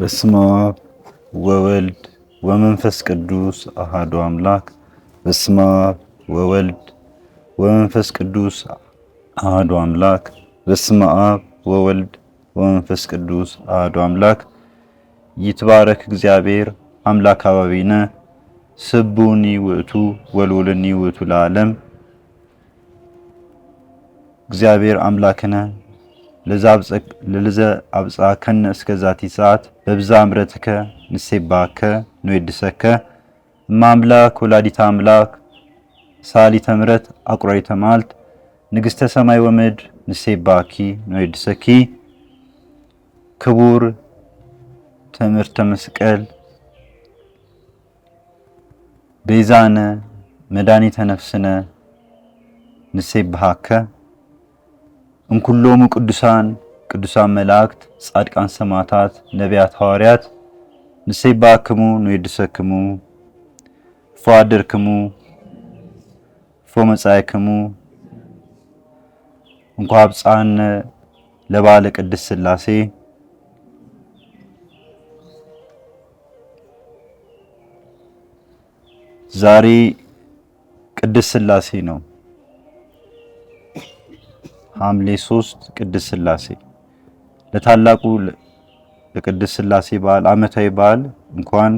በስመ አብ ወወልድ ወመንፈስ ቅዱስ አሃዱ አምላክ። በስመ አብ ወወልድ ወመንፈስ ቅዱስ አሃዱ አምላክ። በስመ አብ ወወልድ ወመንፈስ ቅዱስ አሃዱ አምላክ። ይትባረክ እግዚአብሔር አምላክ አባቢነ ስቡኒ ውእቱ ወልዑልኒ ውእቱ ለዓለም እግዚአብሔር አምላክነ ለልዘ አብጽሐከነ እስከ ዛቲ ሰዓት በብዛ ምረትከ ንሴባከ ንወድሰከ እማ አምላክ ወላዲተ አምላክ ሳሊተ ምረት አቁራይተ መዓልት ንግሥተ ሰማይ ወምድ ንሴባኪ ንወድሰኪ ክቡር ትምህርተ መስቀል ቤዛነ መድኃኒተ ነፍስነ ንሴብሃከ እንኩሎሙ ቅዱሳን ቅዱሳን መላእክት፣ ጻድቃን፣ ሰማዕታት፣ ነቢያት፣ ሐዋርያት ንሴባክሙ ንዌድሰክሙ ፎ አደርክሙ ፎ መጻእክሙ እንኳ አብፃነ ለባለ ቅድስ ሥላሴ ዛሬ ቅድስ ሥላሴ ነው። ሐምሌ 3 ቅድስት ስላሴ ለታላቁ ለቅድስት ስላሴ በዓል ዓመታዊ በዓል እንኳን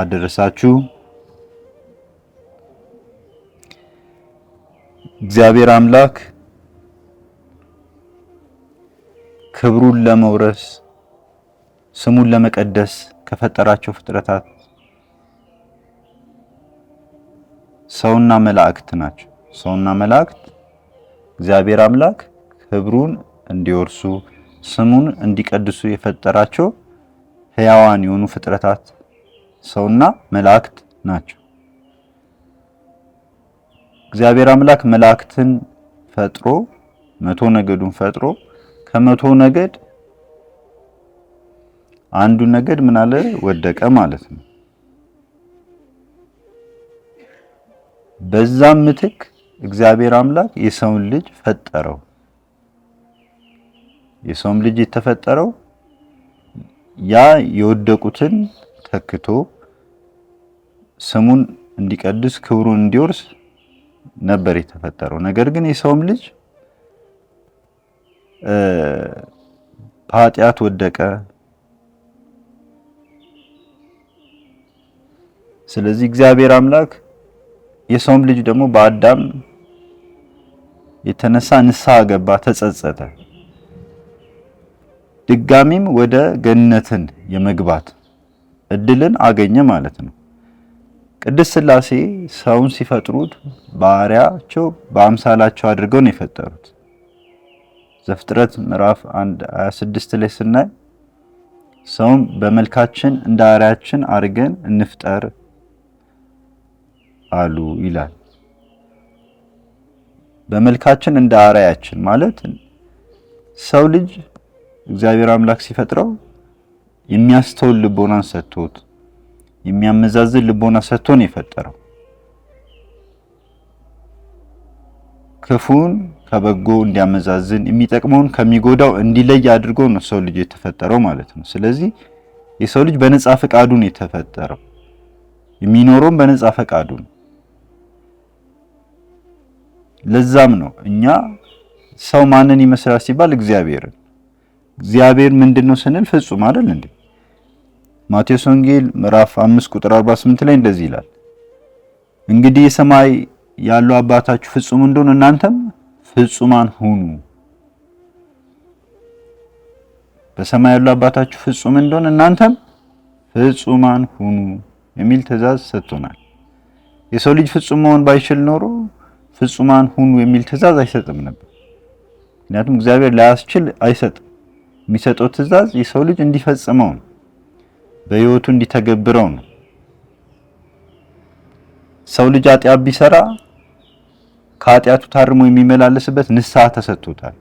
አደረሳችሁ። እግዚአብሔር አምላክ ክብሩን ለመውረስ ስሙን ለመቀደስ ከፈጠራቸው ፍጥረታት ሰውና መላእክት ናቸው። ሰውና መላእክት እግዚአብሔር አምላክ ክብሩን እንዲወርሱ ስሙን እንዲቀድሱ የፈጠራቸው ሕያዋን የሆኑ ፍጥረታት ሰውና መላእክት ናቸው። እግዚአብሔር አምላክ መላእክትን ፈጥሮ መቶ ነገዱን ፈጥሮ ከመቶ ነገድ አንዱ ነገድ ምን አለ ወደቀ ማለት ነው። በዛም ምትክ እግዚአብሔር አምላክ የሰውን ልጅ ፈጠረው። የሰውም ልጅ የተፈጠረው ያ የወደቁትን ተክቶ ስሙን እንዲቀድስ ክብሩን እንዲወርስ ነበር የተፈጠረው። ነገር ግን የሰውም ልጅ በኃጢአት ወደቀ። ስለዚህ እግዚአብሔር አምላክ የሰውም ልጅ ደግሞ በአዳም የተነሳ ንስሐ ገባ፣ ተጸጸተ። ድጋሚም ወደ ገነትን የመግባት እድልን አገኘ ማለት ነው። ቅድስት ሥላሴ ሰውን ሲፈጥሩት በአርአያቸው በአምሳላቸው አድርገው ነው የፈጠሩት። ዘፍጥረት ምዕራፍ 1 26 ላይ ስናይ ሰውን በመልካችን እንደ አርያችን አድርገን እንፍጠር አሉ ይላል። በመልካችን እንደ አራያችን ማለት ሰው ልጅ እግዚአብሔር አምላክ ሲፈጥረው የሚያስተውል ልቦና ሰጥቶት የሚያመዛዝን ልቦና ሰጥቶን የፈጠረው ክፉን ከበጎ እንዲያመዛዝን የሚጠቅመውን ከሚጎዳው እንዲለይ አድርጎ ነው ሰው ልጅ የተፈጠረው ማለት ነው። ስለዚህ የሰው ልጅ በነፃ ፈቃዱ ነው የተፈጠረው። የሚኖረውም በነፃ ፈቃዱ ነው። ለዛም ነው እኛ ሰው ማንን ይመስላል ሲባል እግዚአብሔርን። እግዚአብሔር ምንድነው ስንል ፍጹም አይደል እንዴ? ማቴዎስ ወንጌል ምዕራፍ 5 ቁጥር 48 ላይ እንደዚህ ይላል፣ እንግዲህ የሰማይ ያለው አባታችሁ ፍጹም እንደሆነ እናንተም ፍጹማን ሁኑ። በሰማይ ያለው አባታችሁ ፍጹም እንደሆነ እናንተም ፍጹማን ሁኑ የሚል ትእዛዝ ሰጥቶናል። የሰው ልጅ ፍጹም መሆን ባይችል ኖሮ ፍጹማን ሁኑ የሚል ትእዛዝ አይሰጥም ነበር። ምክንያቱም እግዚአብሔር ላያስችል አይሰጥም። የሚሰጠው ትእዛዝ የሰው ልጅ እንዲፈጽመው ነው፣ በህይወቱ እንዲተገብረው ነው። ሰው ልጅ ኃጢአት ቢሰራ ከኃጢአቱ ታርሞ የሚመላለስበት ንስሐ ተሰጥቶታል።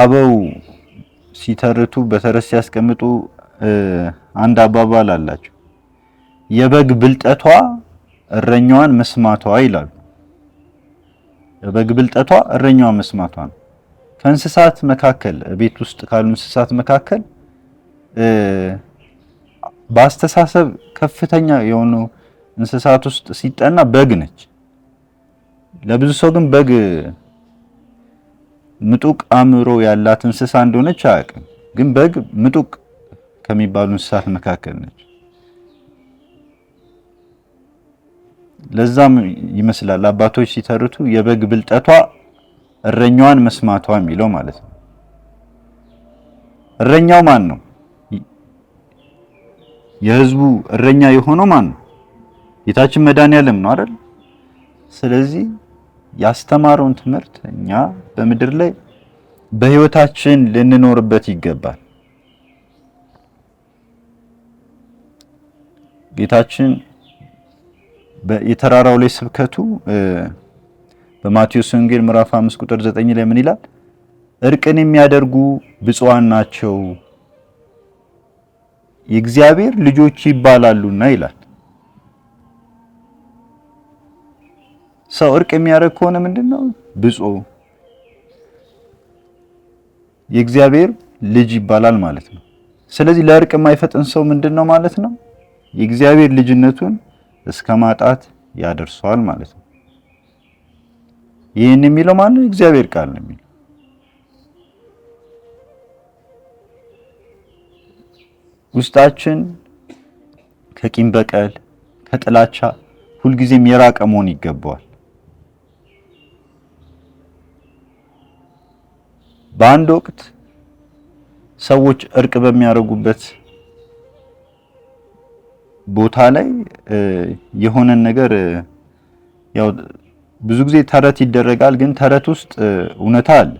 አበው ሲተርቱ በተረስ ሲያስቀምጡ አንድ አባባል አላቸው። የበግ ብልጠቷ እረኛዋን መስማቷ ይላሉ። የበግ ብልጠቷ እረኛዋን መስማቷ ነው። ከእንስሳት መካከል ቤት ውስጥ ካሉ እንስሳት መካከል በአስተሳሰብ ከፍተኛ የሆኑ እንስሳት ውስጥ ሲጠና በግ ነች። ለብዙ ሰው ግን በግ ምጡቅ አእምሮ ያላት እንስሳ እንደሆነች አያውቅም። ግን በግ ምጡቅ ከሚባሉ እንስሳት መካከል ነች። ለዛም ይመስላል አባቶች ሲተርቱ የበግ ብልጠቷ እረኛዋን መስማቷ የሚለው ማለት ነው። እረኛው ማን ነው? የህዝቡ እረኛ የሆነው ማን ነው? ጌታችን መድኃኔዓለም ነው አይደል? ስለዚህ ያስተማረውን ትምህርት እኛ በምድር ላይ በህይወታችን ልንኖርበት ይገባል። ጌታችን የተራራው ላይ ስብከቱ በማቴዎስ ወንጌል ምዕራፍ 5 ቁጥር 9 ላይ ምን ይላል? እርቅን የሚያደርጉ ብፁዓን ናቸው የእግዚአብሔር ልጆች ይባላሉና ይላል። ሰው እርቅ የሚያደርግ ከሆነ ምንድነው? ብፁ የእግዚአብሔር ልጅ ይባላል ማለት ነው። ስለዚህ ለእርቅ የማይፈጥን ሰው ምንድነው ማለት ነው? የእግዚአብሔር ልጅነቱን እስከ ማጣት ያደርሰዋል ማለት ነው። ይህን የሚለው ማን ነው? እግዚአብሔር ቃል ነው የሚለው። ውስጣችን ከቂም በቀል፣ ከጥላቻ ሁልጊዜም የራቀ መሆን ይገባዋል። በአንድ ወቅት ሰዎች እርቅ በሚያደርጉበት ቦታ ላይ የሆነን ነገር ያው ብዙ ጊዜ ተረት ይደረጋል፣ ግን ተረት ውስጥ እውነታ አለ።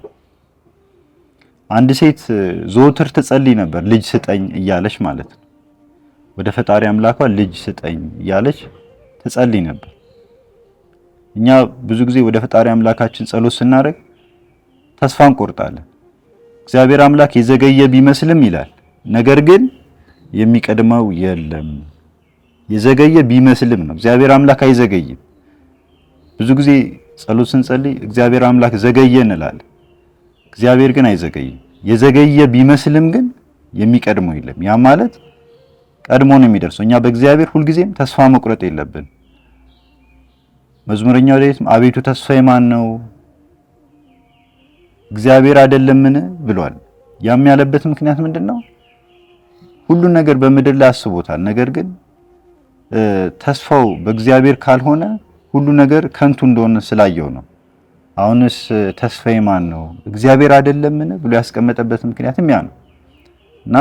አንድ ሴት ዘወትር ትጸልይ ነበር ልጅ ስጠኝ እያለች ማለት ነው። ወደ ፈጣሪ አምላኳ ልጅ ስጠኝ እያለች ትጸልይ ነበር። እኛ ብዙ ጊዜ ወደ ፈጣሪ አምላካችን ጸሎት ስናደርግ ተስፋ እንቆርጣለን። እግዚአብሔር አምላክ የዘገየ ቢመስልም ይላል፣ ነገር ግን የሚቀድመው የለም። የዘገየ ቢመስልም ነው። እግዚአብሔር አምላክ አይዘገይም። ብዙ ጊዜ ጸሎት ስንጸልይ እግዚአብሔር አምላክ ዘገየ እንላለን። እግዚአብሔር ግን አይዘገይም። የዘገየ ቢመስልም ግን የሚቀድመው የለም። ያ ማለት ቀድሞ ነው የሚደርሰው። እኛ በእግዚአብሔር ሁልጊዜም ተስፋ መቁረጥ የለብን። መዝሙረኛው ዳዊትም አቤቱ ተስፋ የማን ነው እግዚአብሔር አይደለምን ብሏል። ያም ያለበት ምክንያት ምንድን ነው? ሁሉን ነገር በምድር ላይ አስቦታል። ነገር ግን ተስፋው በእግዚአብሔር ካልሆነ ሁሉ ነገር ከንቱ እንደሆነ ስላየው ነው። አሁንስ ተስፋዬ ማን ነው? እግዚአብሔር አይደለምን ብሎ ያስቀመጠበት ምክንያትም ያ ነው እና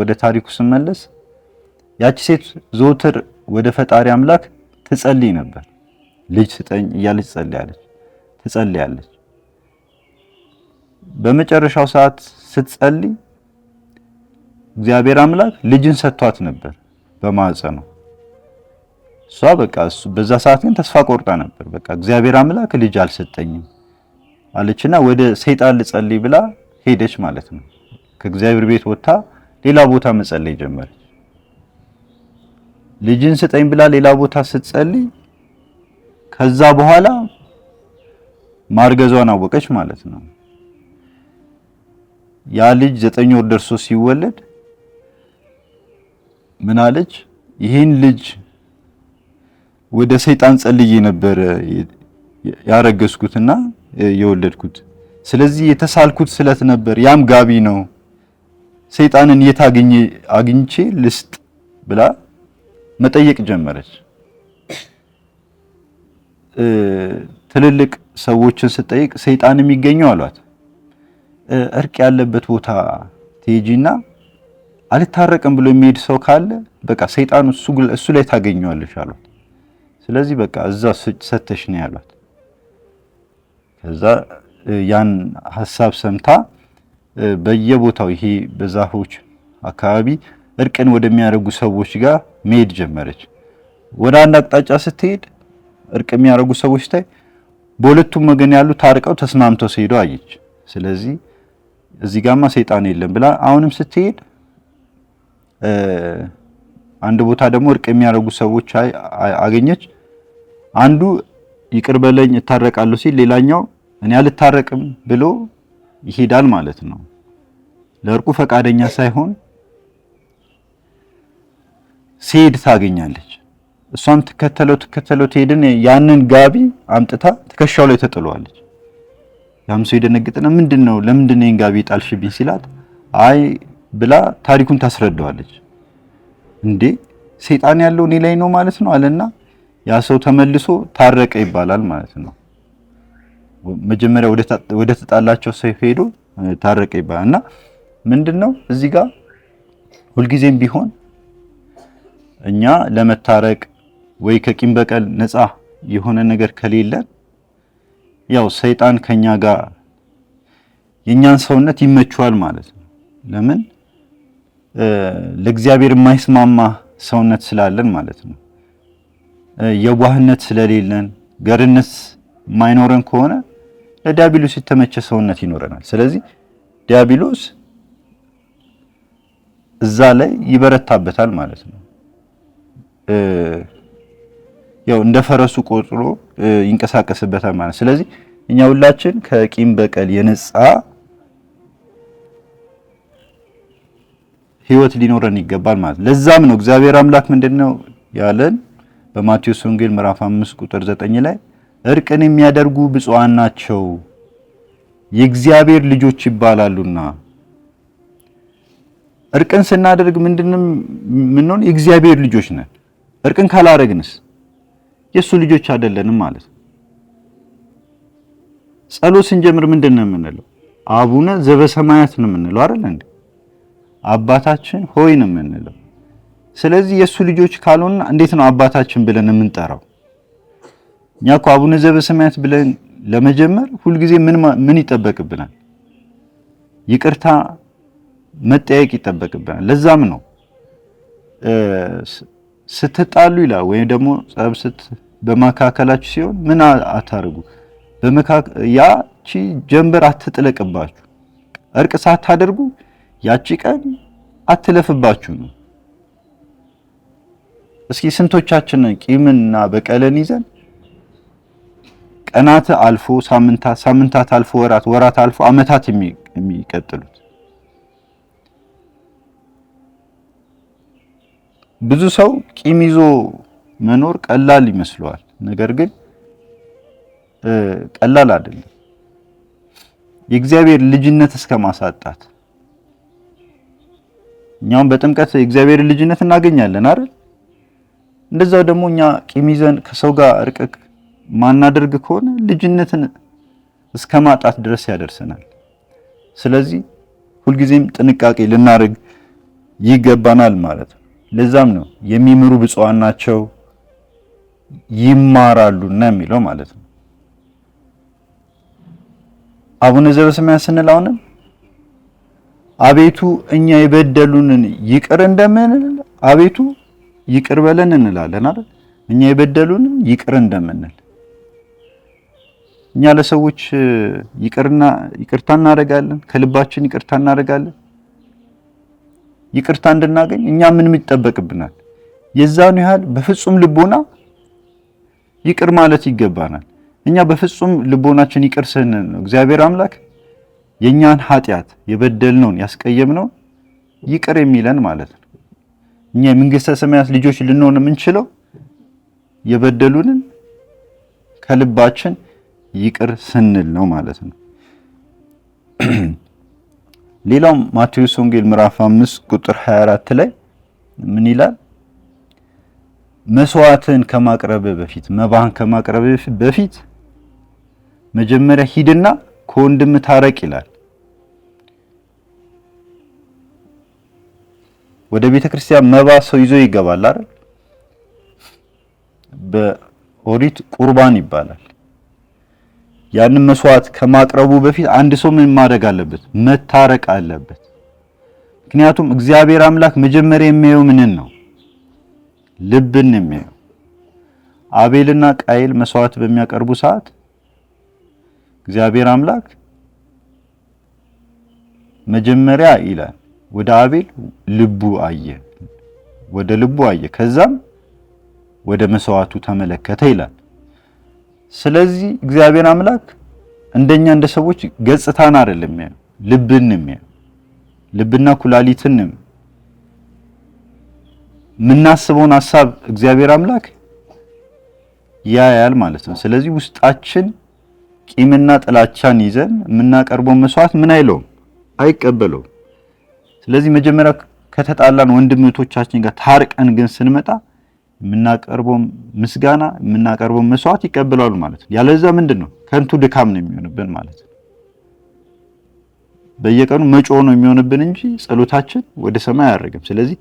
ወደ ታሪኩ ስመለስ ያቺ ሴት ዘውትር ወደ ፈጣሪ አምላክ ትጸልይ ነበር። ልጅ ስጠኝ እያለች ትጸልያለች ትጸልያለች። በመጨረሻው ሰዓት ስትጸልይ እግዚአብሔር አምላክ ልጅን ሰጥቷት ነበር በማዕፀኗ ነው። እሷ በቃ እሱ በዛ ሰዓት ግን ተስፋ ቆርጣ ነበር። በቃ እግዚአብሔር አምላክ ልጅ አልሰጠኝም አለችና ወደ ሰይጣን ልጸልይ ብላ ሄደች ማለት ነው። ከእግዚአብሔር ቤት ወጥታ ሌላ ቦታ መጸለይ ጀመረች። ልጅን ስጠኝ ብላ ሌላ ቦታ ስትጸልይ ከዛ በኋላ ማርገዟን አወቀች ማለት ነው። ያ ልጅ ዘጠኝ ወር ደርሶ ሲወለድ ምን አለች? ይህን ልጅ ወደ ሰይጣን ጸልዬ ነበረ ያረገዝኩትና የወለድኩት። ስለዚህ የተሳልኩት ስለት ነበር፣ ያም ጋቢ ነው። ሰይጣንን የት አግኝቼ ልስጥ ብላ መጠየቅ ጀመረች። ትልልቅ ሰዎችን ስጠይቅ ሰይጣን የሚገኘው አሏት፣ እርቅ ያለበት ቦታ ትሄጂና አልታረቅም ብሎ የሚሄድ ሰው ካለ በቃ ሰይጣን እሱ ላይ ታገኘዋለች አሏት። ስለዚህ በቃ እዛ ሰተሽ ነው ያሏት። ከዛ ያን ሀሳብ ሰምታ በየቦታው ይሄ በዛፎች አካባቢ እርቅን ወደሚያደርጉ ሰዎች ጋር መሄድ ጀመረች። ወደ አንድ አቅጣጫ ስትሄድ እርቅ የሚያደርጉ ሰዎች ታይ በሁለቱም ወገን ያሉ ታርቀው ተስማምተው ሲሄዱ አየች። ስለዚህ እዚህ ጋማ ሰይጣን የለም ብላ አሁንም ስትሄድ አንድ ቦታ ደግሞ እርቅ የሚያደርጉ ሰዎች አገኘች። አንዱ ይቅር በለኝ እታረቃለሁ ሲል ሌላኛው እኔ አልታረቅም ብሎ ይሄዳል ማለት ነው። ለእርቁ ፈቃደኛ ሳይሆን ሲሄድ ታገኛለች። እሷም ትከተለው ትከተለው ትሄድን ያንን ጋቢ አምጥታ ትከሻው ላይ ተጥሏለች። ያም ሰው የደነግጥና ምንድን ነው ለምንድን ነው ይሄን ጋቢ ጣልሽብኝ ሲላት አይ ብላ ታሪኩን ታስረዳዋለች። እንዴ ሰይጣን ያለው እኔ ላይ ነው ማለት ነው አለና ያ ሰው ተመልሶ ታረቀ ይባላል ማለት ነው። መጀመሪያ ወደ ተጣላቸው ሰይፍ ሄዶ ታረቀ ይባላል እና ምንድነው እዚህ ጋር ሁልጊዜም ቢሆን እኛ ለመታረቅ ወይ ከቂም በቀል ነፃ የሆነ ነገር ከሌለን ያው ሰይጣን ከኛ ጋር የኛን ሰውነት ይመችዋል ማለት ነው። ለምን ለእግዚአብሔር የማይስማማ ሰውነት ስላለን ማለት ነው። የዋህነት ስለሌለን ገርነት ማይኖረን ከሆነ ለዲያብሎስ የተመቸ ሰውነት ይኖረናል። ስለዚህ ዲያብሎስ እዛ ላይ ይበረታበታል ማለት ነው። ያው እንደ ፈረሱ ቆጥሮ ይንቀሳቀስበታል ማለት። ስለዚህ እኛ ሁላችን ከቂም በቀል የነጻ ህይወት ሊኖረን ይገባል ማለት ነው። ለዛም ነው እግዚአብሔር አምላክ ምንድነው ያለን በማቴዎስ ወንጌል ምዕራፍ 5 ቁጥር 9 ላይ እርቅን የሚያደርጉ ብፁዓን ናቸው የእግዚአብሔር ልጆች ይባላሉና። እርቅን ስናደርግ ምንድንም ምንሆን የእግዚአብሔር ልጆች ነን። እርቅን ካላደረግንስ የእሱ ልጆች አይደለንም ማለት ነው። ጸሎት ስንጀምር ምንድን ነው የምንለው? አቡነ ዘበሰማያት ነው የምንለው አይደል እንዴ? አባታችን ሆይ ነው የምንለው። ስለዚህ የእሱ ልጆች ካልሆን እንዴት ነው አባታችን ብለን የምንጠራው? እኛ እኮ አቡነ ዘበሰማያት ብለን ለመጀመር ሁልጊዜ ምን ምን ይጠበቅብናል? ይቅርታ መጠየቅ ይጠበቅብናል። ለዛም ነው ስትጣሉ ይላል ወይም ደግሞ ጸብ ስት በመካከላችሁ ሲሆን ምን አታርጉ፣ ያቺ ጀንበር አትጥለቅባችሁ፣ እርቅ ሳታደርጉ ያቺ ቀን አትለፍባችሁ ነው። እስኪ ስንቶቻችን ቂምና በቀለን ይዘን ቀናት አልፎ ሳምንታት ሳምንታት አልፎ ወራት ወራት አልፎ አመታት የሚቀጥሉት ብዙ ሰው ቂም ይዞ መኖር ቀላል ይመስለዋል። ነገር ግን ቀላል አይደለም። የእግዚአብሔር ልጅነት እስከ ማሳጣት እኛውም በጥምቀት የእግዚአብሔር ልጅነት እናገኛለን አይደል? እንደዛው ደግሞ እኛ ቂም ይዘን ከሰው ጋር እርቅቅ ማናደርግ ከሆነ ልጅነትን እስከ ማጣት ድረስ ያደርሰናል። ስለዚህ ሁልጊዜም ጥንቃቄ ልናደርግ ይገባናል ማለት ነው። ለዛም ነው የሚምሩ ብፁዓን ናቸው ይማራሉና የሚለው ማለት ነው። አቡነ ዘበሰማያት ስንል አሁንም አቤቱ እኛ የበደሉንን ይቅር እንደምንል አቤቱ ይቅር በለን እንላለን አይደል? እኛ የበደሉን ይቅር እንደምንል እኛ ለሰዎች ይቅርና ይቅርታ እናደርጋለን፣ ከልባችን ይቅርታ እናደርጋለን። ይቅርታ እንድናገኝ እኛ ምን ይጠበቅብናል? የዛኑ ያህል በፍጹም ልቦና ይቅር ማለት ይገባናል። እኛ በፍጹም ልቦናችን ይቅር ስንል ነው እግዚአብሔር አምላክ የእኛን ኃጢአት የበደልነውን ያስቀየምነውን ይቅር የሚለን ማለት ነው። እኛ የመንግስተ ሰማያት ልጆች ልንሆን የምንችለው የበደሉንን ከልባችን ይቅር ስንል ነው ማለት ነው። ሌላውም ማቴዎስ ወንጌል ምዕራፍ 5 ቁጥር 24 ላይ ምን ይላል? መስዋዕትን ከማቅረብ በፊት መባህን ከማቅረብ በፊት መጀመሪያ ሂድና ከወንድም ታረቅ ይላል። ወደ ቤተ ክርስቲያን መባ ሰው ይዞ ይገባል አይደል? በኦሪት ቁርባን ይባላል። ያንን መስዋዕት ከማቅረቡ በፊት አንድ ሰው ምን ማድረግ አለበት? መታረቅ አለበት። ምክንያቱም እግዚአብሔር አምላክ መጀመሪያ የሚያየው ምንን ነው? ልብን የሚያየው። አቤልና ቃይል መስዋዕት በሚያቀርቡ ሰዓት እግዚአብሔር አምላክ መጀመሪያ ይላል ወደ አቤል ልቡ አየ ወደ ልቡ አየ ከዛም ወደ መስዋዕቱ ተመለከተ ይላል። ስለዚህ እግዚአብሔር አምላክ እንደኛ እንደ ሰዎች ገጽታን አይደለም የሚያየው፣ ልብን የሚያየው ልብና ኩላሊትን የምናስበውን ሀሳብ እግዚአብሔር አምላክ ያያል ማለት ነው። ስለዚህ ውስጣችን ቂምና ጥላቻን ይዘን የምናቀርበው መስዋዕት ምን አይለውም፣ አይቀበለውም። ስለዚህ መጀመሪያ ከተጣላን ወንድምቶቻችን ጋር ታርቀን ግን ስንመጣ የምናቀርበው ምስጋና የምናቀርበው መስዋዕት ይቀበላሉ ማለት ነው። ያለዛ ምንድን ነው ከንቱ ድካም ነው የሚሆንብን ማለት ነው። በየቀኑ መጮ ነው የሚሆንብን እንጂ ጸሎታችን ወደ ሰማይ አያደርግም። ስለዚህ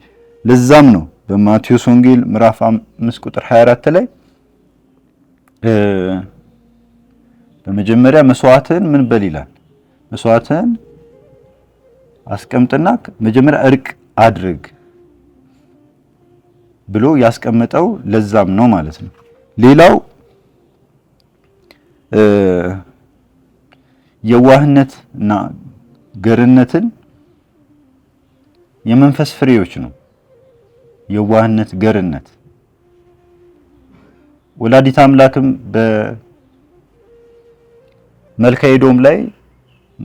ለዛም ነው በማቴዎስ ወንጌል ምዕራፍ 5 ቁጥር 24 ላይ በመጀመሪያ መስዋዕትን ምን በል ይላል መስዋዕትን አስቀምጥና መጀመሪያ እርቅ አድርግ ብሎ ያስቀመጠው ለዛም ነው ማለት ነው። ሌላው የዋህነት እና ገርነትን የመንፈስ ፍሬዎች ነው። የዋህነት፣ ገርነት ወላዲት አምላክም በመልካ ኤዶም ላይ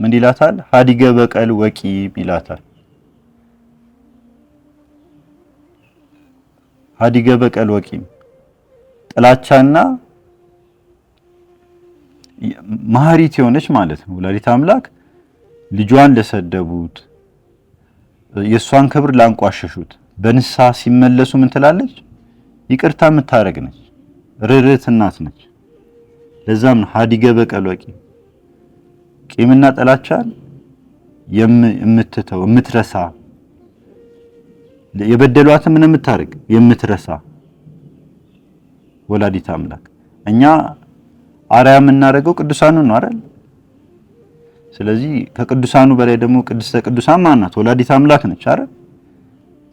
ምን ይላታል? ሀዲገ በቀል ወቂም ይላታል። ሀዲገ በቀል ወቂም ጥላቻና መሀሪት የሆነች ማለት ነው። ወላዲት አምላክ ልጇን ለሰደቡት የእሷን ክብር ላንቋሸሹት በንሳ ሲመለሱ ምን ትላለች? ይቅርታ የምታደርግ ነች፣ ርርት እናት ነች። ለዛም ሀዲገ በቀል ወቂም ቂምና ጥላቻን የምትተው የምትረሳ የበደሏትን ምን የምታደርግ የምትረሳ ወላዲት አምላክ እኛ አርያ የምናደርገው ቅዱሳኑን ነው አይደል? ስለዚህ ከቅዱሳኑ በላይ ደግሞ ቅድስተ ቅዱሳን ማናት? ወላዲት አምላክ ነች አይደል?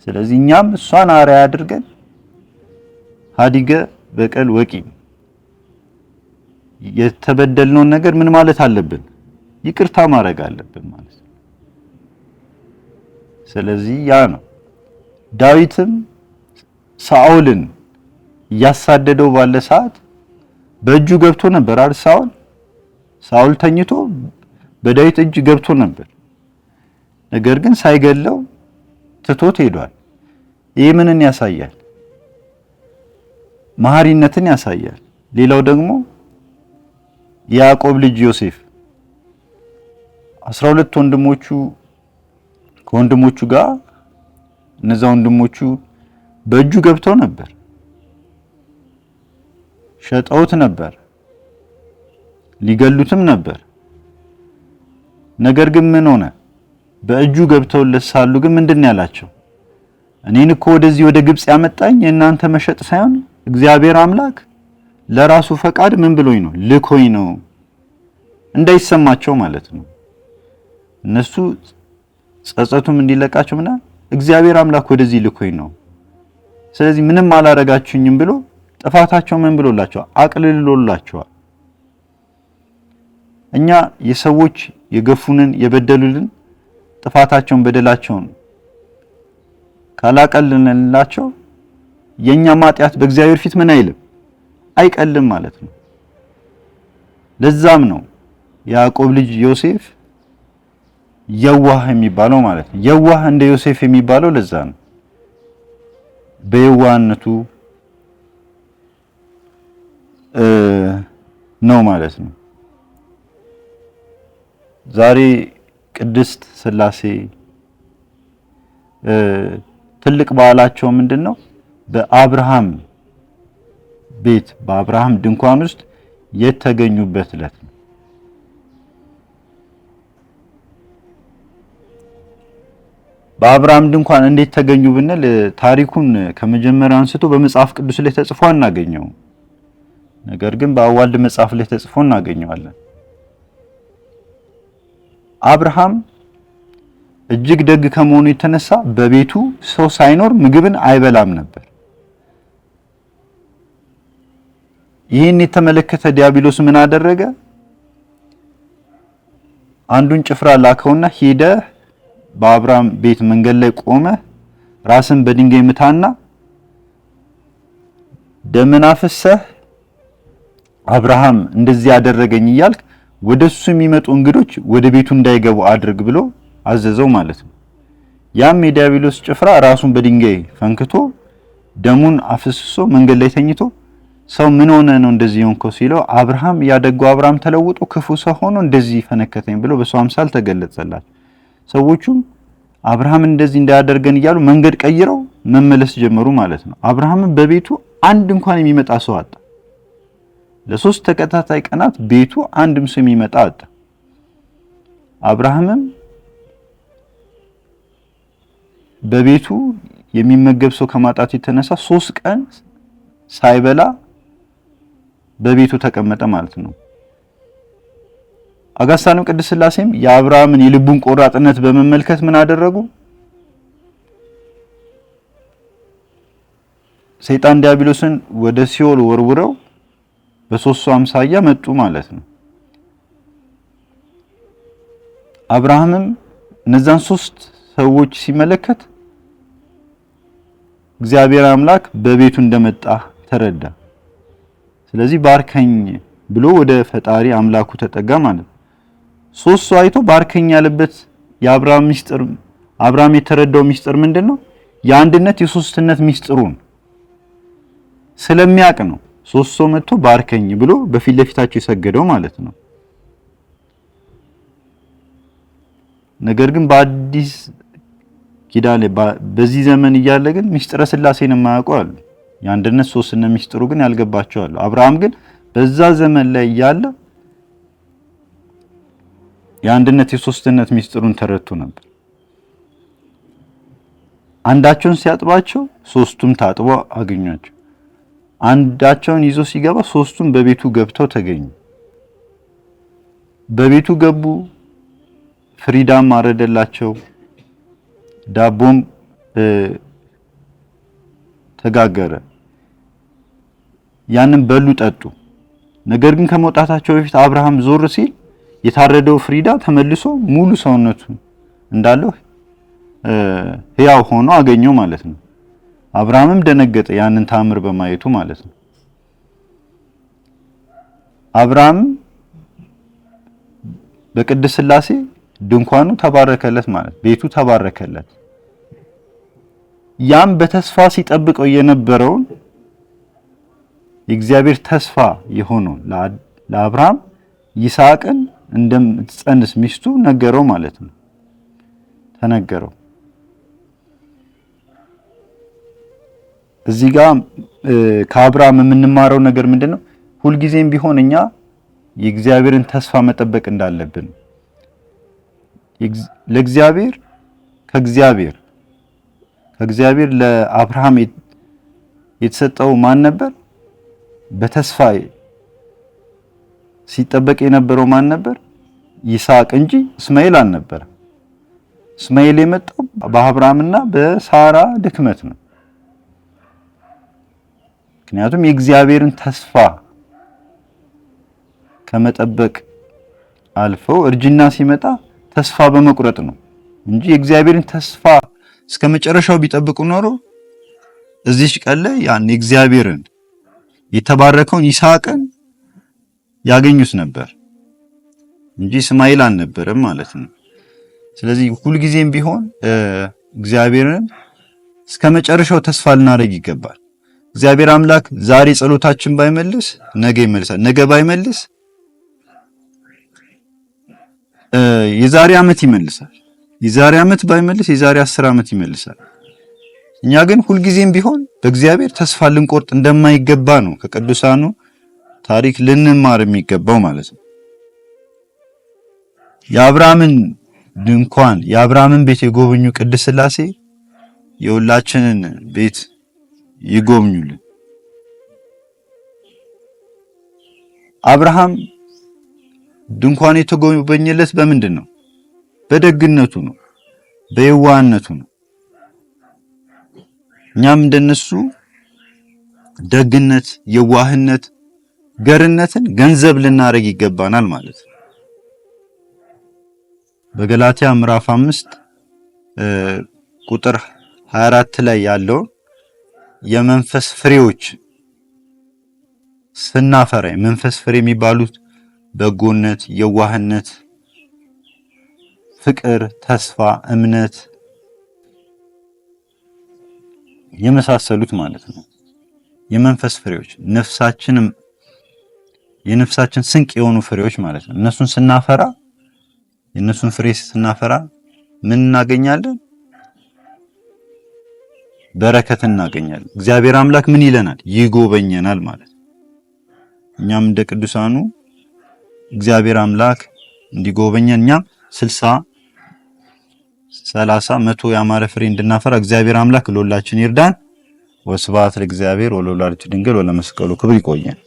ስለዚህ እኛም እሷን አርያ አድርገን ሀዲገ በቀል ወቂ የተበደልነውን ነገር ምን ማለት አለብን? ይቅርታ ማድረግ አለብን ማለት ነው። ስለዚህ ያ ነው ዳዊትም ሳኦልን እያሳደደው ባለ ሰዓት በእጁ ገብቶ ነበር አይደል? ሳኦል ሳኦል ተኝቶ በዳዊት እጅ ገብቶ ነበር። ነገር ግን ሳይገለው ትቶት ሄዷል። ይህ ምንን ያሳያል? መሐሪነትን ያሳያል። ሌላው ደግሞ የያዕቆብ ልጅ ዮሴፍ አስራ ሁለት ወንድሞቹ ከወንድሞቹ ጋር እነዛ ወንድሞቹ በእጁ ገብተው ነበር፣ ሸጠውት ነበር፣ ሊገሉትም ነበር። ነገር ግን ምን ሆነ? በእጁ ገብተውለት ሳሉ ግን ምንድን ያላቸው? እኔን እኮ ወደዚህ ወደ ግብፅ ያመጣኝ የእናንተ መሸጥ ሳይሆን እግዚአብሔር አምላክ ለራሱ ፈቃድ ምን ብሎኝ ነው ልኮኝ ነው እንዳይሰማቸው ማለት ነው። እነሱ ጸጸቱም እንዲለቃቸው ምና እግዚአብሔር አምላክ ወደዚህ ልኮኝ ነው፣ ስለዚህ ምንም አላረጋችሁኝም ብሎ ጥፋታቸው ምን ብሎላቸዋል? አቅልሎላቸዋል። እኛ የሰዎች የገፉንን የበደሉልን ጥፋታቸውን በደላቸውን ካላቀልንላቸው የኛ ማጥያት በእግዚአብሔር ፊት ምን አይልም አይቀልም ማለት ነው። ለዛም ነው ያዕቆብ ልጅ ዮሴፍ የዋህ የሚባለው ማለት ነው። የዋህ እንደ ዮሴፍ የሚባለው ለዛ ነው። በየዋህነቱ ነው ማለት ነው። ዛሬ ቅድስት ስላሴ ትልቅ በዓላቸው ምንድን ነው? በአብርሃም ቤት በአብርሃም ድንኳን ውስጥ የተገኙበት ዕለት ነው። በአብርሃም ድንኳን እንዴት ተገኙ ብንል ታሪኩን ከመጀመሪያው አንስቶ በመጽሐፍ ቅዱስ ላይ ተጽፎ አናገኘው። ነገር ግን በአዋልድ መጽሐፍ ላይ ተጽፎ እናገኘዋለን። አብርሃም እጅግ ደግ ከመሆኑ የተነሳ በቤቱ ሰው ሳይኖር ምግብን አይበላም ነበር። ይህን የተመለከተ ዲያብሎስ ምን አደረገ? አንዱን ጭፍራ ላከውና ሂደህ በአብርሃም ቤት መንገድ ላይ ቆመ ራስን በድንጋይ ምታና ደምን አፍሰህ አብርሃም እንደዚህ ያደረገኝ እያልክ ወደ እሱ የሚመጡ እንግዶች ወደ ቤቱ እንዳይገቡ አድርግ ብሎ አዘዘው ማለት ነው። ያም የዲያብሎስ ጭፍራ ራሱን በድንጋይ ፈንክቶ ደሙን አፍስሶ መንገድ ላይ ተኝቶ ሰው ምን ሆነ ነው እንደዚህ ሆንኮ ሲለው አብርሃም ያደገው አብርሃም ተለውጦ ክፉ ሰው ሆኖ እንደዚህ ፈነከተኝ ብሎ በሰው አምሳል ተገለጸላት። ሰዎቹም አብርሃም እንደዚህ እንዳያደርገን እያሉ መንገድ ቀይረው መመለስ ጀመሩ ማለት ነው። አብርሃምን በቤቱ አንድ እንኳን የሚመጣ ሰው አጣ። ለሶስት ተከታታይ ቀናት ቤቱ አንድም ሰው የሚመጣ አጣ። አብርሃምም በቤቱ የሚመገብ ሰው ከማጣት የተነሳ ሶስት ቀን ሳይበላ በቤቱ ተቀመጠ ማለት ነው። አጋሳንም ቅድስት ስላሴም የአብርሃምን የልቡን ቆራጥነት በመመልከት ምን አደረጉ? ሰይጣን ዲያብሎስን ወደ ሲኦል ወርውረው በሶስቱ አምሳያ መጡ ማለት ነው። አብርሃምም እነዛን ሶስት ሰዎች ሲመለከት እግዚአብሔር አምላክ በቤቱ እንደመጣ ተረዳ። ስለዚህ ባርከኝ ብሎ ወደ ፈጣሪ አምላኩ ተጠጋ ማለት ነው። ሶስት ሰው አይቶ ባርከኝ ያለበት የአብርሃም ሚስጥር አብርሃም የተረዳው ሚስጥር ምንድን ነው? የአንድነት የሶስትነት ምስጢሩን ስለሚያውቅ ነው። ሶስት ሰው መጥቶ ባርከኝ ብሎ በፊት ለፊታቸው የሰገደው ማለት ነው። ነገር ግን በአዲስ ኪዳን በዚህ ዘመን እያለ ግን ሚስጥረ ስላሴን የማያውቁ አሉ። የአንድነት ሶስትነት ሚስጥሩ ግን ያልገባቸው አሉ። አብርሃም ግን በዛ ዘመን ላይ እያለ የአንድነት የሶስትነት ሚስጥሩን ተረቱ ነበር። አንዳቸውን ሲያጥባቸው ሶስቱም ታጥቦ አገኟቸው። አንዳቸውን ይዞ ሲገባ ሶስቱም በቤቱ ገብተው ተገኙ። በቤቱ ገቡ። ፍሪዳም አረደላቸው። ዳቦም ተጋገረ። ያንን በሉ፣ ጠጡ። ነገር ግን ከመውጣታቸው በፊት አብርሃም ዞር ሲል የታረደው ፍሪዳ ተመልሶ ሙሉ ሰውነቱ እንዳለው ህያው ሆኖ አገኘው ማለት ነው። አብርሃምም ደነገጠ ያንን ታምር በማየቱ ማለት ነው። አብርሃም በቅድስት ስላሴ ድንኳኑ ተባረከለት ማለት ቤቱ ተባረከለት። ያም በተስፋ ሲጠብቀው የነበረውን የእግዚአብሔር ተስፋ የሆነው ለአብርሃም ይስሐቅን እንደምትጸንስ ሚስቱ ነገረው ማለት ነው። ተነገረው። እዚህ ጋር ከአብርሃም የምንማረው ነገር ምንድን ነው? ሁልጊዜም ቢሆን እኛ የእግዚአብሔርን ተስፋ መጠበቅ እንዳለብን ለእግዚአብሔር ከእግዚአብሔር ከእግዚአብሔር ለአብርሃም የተሰጠው ማን ነበር? በተስፋ ሲጠበቅ የነበረው ማን ነበር? ይስሐቅ እንጂ እስማኤል አልነበረም። እስማኤል የመጣው በአብርሃምና በሳራ ድክመት ነው። ምክንያቱም የእግዚአብሔርን ተስፋ ከመጠበቅ አልፈው እርጅና ሲመጣ ተስፋ በመቁረጥ ነው እንጂ የእግዚአብሔርን ተስፋ እስከ መጨረሻው ቢጠብቁ ኖሮ እዚች ቀን ላይ ያን የእግዚአብሔርን የተባረከውን ይስሐቅን ያገኙት ነበር እንጂ እስማኤል አልነበረም ማለት ነው። ስለዚህ ሁልጊዜም ቢሆን እግዚአብሔርን እስከ መጨረሻው ተስፋ ልናደርግ ይገባል። እግዚአብሔር አምላክ ዛሬ ጸሎታችን ባይመልስ ነገ ይመልሳል፣ ነገ ባይመልስ የዛሬ ዓመት ይመልሳል፣ የዛሬ ዓመት ባይመልስ የዛሬ አስር ዓመት ይመልሳል። እኛ ግን ሁልጊዜም ቢሆን በእግዚአብሔር ተስፋ ልንቆርጥ እንደማይገባ ነው ከቅዱሳኑ ታሪክ ልንማር የሚገባው ማለት ነው። የአብርሃምን ድንኳን የአብርሃምን ቤት የጎበኙ ቅድስት ሥላሴ የሁላችንን ቤት ይጎብኙልን። አብርሃም ድንኳን የተጎበኘለት በምንድን ነው? በደግነቱ ነው፣ በየዋህነቱ ነው። እኛም እንደነሱ ደግነት፣ የዋህነት ገርነትን ገንዘብ ልናደርግ ይገባናል ማለት ነው። በገላትያ ምዕራፍ 5 ቁጥር 24 ላይ ያለው የመንፈስ ፍሬዎች ስናፈራ መንፈስ ፍሬ የሚባሉት በጎነት፣ የዋህነት፣ ፍቅር፣ ተስፋ፣ እምነት የመሳሰሉት ማለት ነው። የመንፈስ ፍሬዎች ነፍሳችንም የነፍሳችን ስንቅ የሆኑ ፍሬዎች ማለት ነው። እነሱን ስናፈራ የእነሱን ፍሬ ስናፈራ ምን እናገኛለን? በረከት እናገኛለን። እግዚአብሔር አምላክ ምን ይለናል? ይጎበኘናል ማለት ነው። እኛም እንደ ቅዱሳኑ እግዚአብሔር አምላክ እንዲጎበኘን እኛም ስልሳ ሰላሳ መቶ ያማረ ፍሬ እንድናፈራ እግዚአብሔር አምላክ ሎላችን ይርዳን። ወስብሐት ለእግዚአብሔር ወለወላዲቱ ድንግል ወለመስቀሉ ክብር። ይቆየን።